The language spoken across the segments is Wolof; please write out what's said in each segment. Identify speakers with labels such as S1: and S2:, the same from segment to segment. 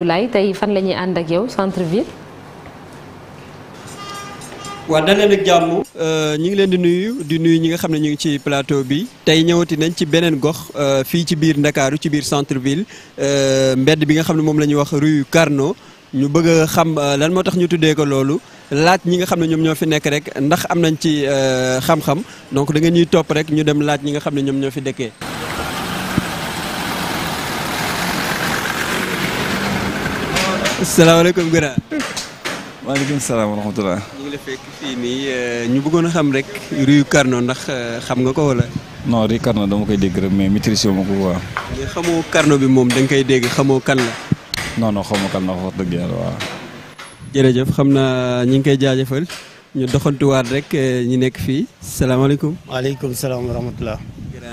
S1: Abdoulaye tey fan la ñuy ànd ak yow centre ville.
S2: waaw da leen ak jàmm. Euh, ñu ngi leen di nuyu di nuyu ñi nga xam ne ñu ngi ci plateau bi tey ñëwatinañ ci beneen gox euh, fii ci biir Ndakaaru ci biir centre ville euh, mbedd bi nga xam ne moom la ñuy wax rue Carnot ñu bëgg xam lan moo tax ñu tuddee ko loolu laaj ñi nga xam ne ñoom ñoo fi nekk rek ndax am nañ ci xam-xam donc da ñuy topp rek ñu dem laaj ñi nga xam ne ñoom ñoo fi dëkkee. salaamaaleykum Gara. maaleykum salaam wa rahmatulah. ñu eh, ñu bëggoon a xam rek Riu Carno ndax eh, xam nga ko walla
S1: non Riu Carno dama koy dégg rek mais maîtriser ma ko waaw.
S2: mais xamoo Carno bi moom da koy dégg xamoo kan la.
S1: non non xaw ma kan la dëgg yàlla waaw.
S2: jërëjëf xam naa ñi ngi koy jaajëfal ñu
S3: doxantuwaat rek eh, ñu nekk fii salaamaaleykum. maaleykum salaam wa rahmatulah.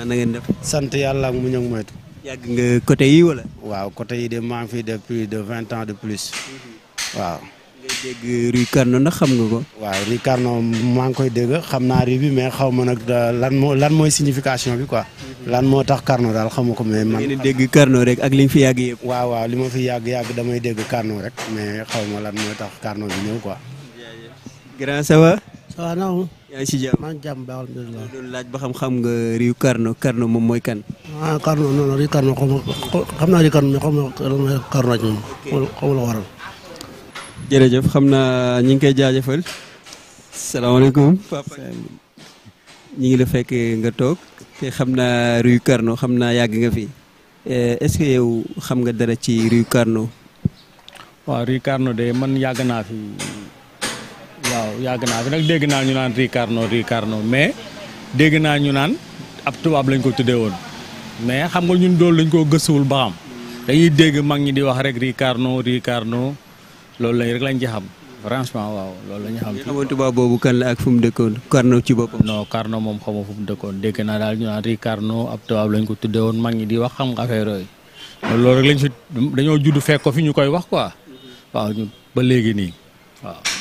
S3: na ngeen sant yàlla ak mu ñëw moytu. yàgg nga côté yi wala. waaw côté yi de maa ngi fi def plus de vingt ans de plus. Mm-hmm. waaw ngay dégg Rue Carnot ndax xam nga ko waaw Rue Carnot maa ngi koy dégg xam naa rue bi mais xaw ma nag euh, lan moo lan mooy signification bi quoi mm-hmm. lan moo tax Carnot daal xamu ko mais man dégg Carnot rek ak li ñu fi yàgg yëpp waaw waaw li ma fi yàgg-yàgg damay dégg Carnot rek mais xaw ma lan moo tax Carnot bi ñëw quoi grand ça
S2: yaa ngi si jàmm laaj ba xam
S3: xam nga Riu Carno Carno moom mooy kan ah xam naa Riu Carno mais xam naa Carno ak moom xam la
S2: naa ñi ngi koy jaajëfal salaamaaleykum papa ngi la fekk nga toog te xam naa Riu Carno xam naa yàgg nga fi eh, est-ce que xam nga dara ci Riu Carno
S4: waaw Riu Carno de man yàgg naa fi waaw yàgg naa fi nag dégg naa ñu naan Ricarno Ricarno mais dégg naa ñu naan ab tubaab lañ ko tuddee woon mais xam nga ñun doolu lañ koo gëstuwul ba xam dañuy dégg mag ñi di wax rek Ricarno Ricarno loolu lañ rek lañ ci xam franchement waaw loolu la xam. xamoon tubaab boobu kan la ak fu mu dëkkoon Carnot ci boppam. non Carnot moom xamoo fu mu dégg naa daal ñu naan Ricarno ab tubaab lañ ko tuddee woon mag ñi di wax xam nga affaire yooyu loolu rek lañ fi dañoo judd fekk ko fi ñu koy wax quoi waaw ba léegi nii waaw.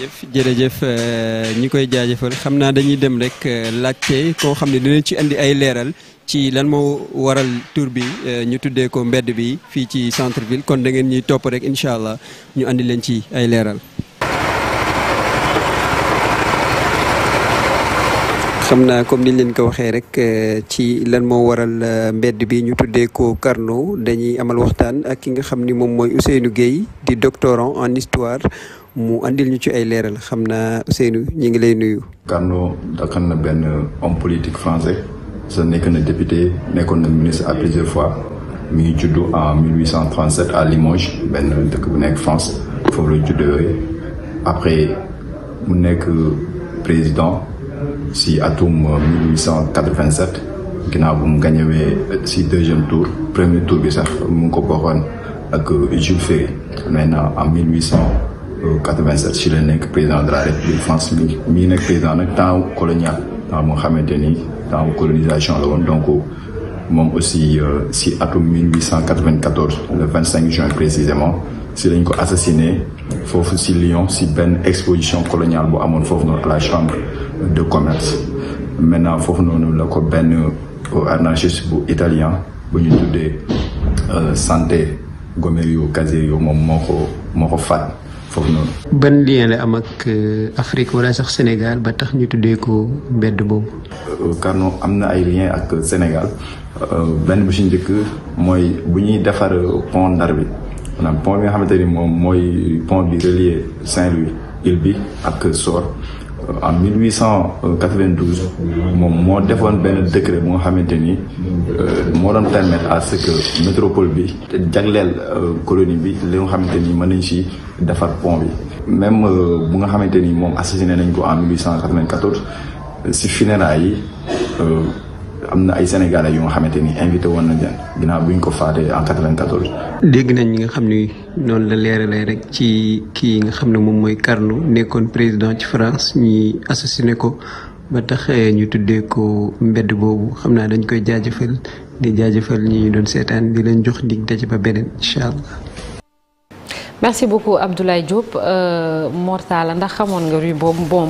S4: jërëjëf jërëjëf
S2: euh, ñi koy jaajëfal xam naa dañuy dem rek euh, laajte koo xam ne dina ci indi ay leeral ci lan moo waral tur bi euh, ñu tuddee ko mbedd bi fii ci centre ville kon dangeen ngeen ñuy topp rek incha allah ñu indi leen ci ay leeral. xam naa comme niñ leen ko waxee rek ci lan moo waral mbedd bi ñu tuddee ko karno dañuy amal waxtaan ak ki nga xam ni moom mooy Ousseynou Gueye di doctorant en histoire. mu andil ñu ci ay leeral xam naa Ousseynou
S1: ñu ngi lay nuyu. Carnot dakan na benn homme politique français sa nekk na député nekkoon na ministre à plusieurs fois mi ngi juddu en 1837 à Limoges benn dëkk bu nekk France foofu la juddoo après mu nekk président si atum 1887 ginnaaw bu mu gañewee si deuxième tour premier tour bi sax mu ngi ko bokkoon ak Jules Ferry maintenant en 1800. 87 si la nekk président de la république France mi mii nekk président nag temps colonial temps bu xamante ni temps colonisation la woon donc moom aussi euh, si atum 1894 le 25 juin précisément si lañ ko assassiné foofu si Lyon si benn exposition coloniale bu amoon foofu noonu la chambre de commerce maintenant foofu noonu la ko benn euh, anarchiste bu italien bu ñu tuddee euh, santé Gomerio Caserio moom moo ko moo ko faat foofu noonu.
S2: ban lien la am ak euh, Afrique wala sax Sénégal ba tax ñu tuddee ko mbedd boobu.
S1: Carnot euh, am na ay lien ak Sénégal euh, benn bu si njëkk mooy bu ñuy defar pont Ndar bi maanaam pont bi nga xamante ni moom mooy pont bi relier Saint-Louis île bi ak Sor. Euh, en 1892 moom moo defoon benn décret bu nga xamante ni euh, moo doon permettre à ce que métropole bi jagleel euh, colonie bi li nga xamante ni mën nañ si defar pont bi. même bu nga xamante ni moom assassiné nañ ko en si ci funérailles yi. am na ay sénégalais yu nga xamante ni invité woon nañ leen
S2: bi nga xam ni noon la leeralee rek ci kii nga xam ne moom mooy Carnot nekkoon président ci France ñi assassiné ko ba tax eh, ñu tuddee ko mbedd boobu xam naa dañ koy jaajëfal di jaajëfal ñi doon seetaan di lañ jox dig daje ba beneen incha allah.
S4: merci